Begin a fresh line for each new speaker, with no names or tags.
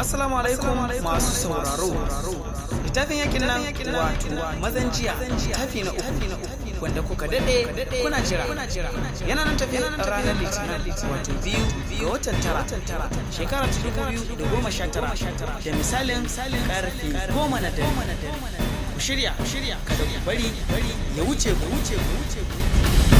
Assalamu alaikum masu sauraro.
Littafin yakin nan
wato
mazan jiya tafi na uku wanda kuka dade kuna jira. Yana nan tafi ranar litinin wato biyu ga watan tara shekara ta dubu biyu da goma sha tara da misalin karfe goma na dare. Ku shirya kada ku bari ya wuce ku wuce ku wuce ku.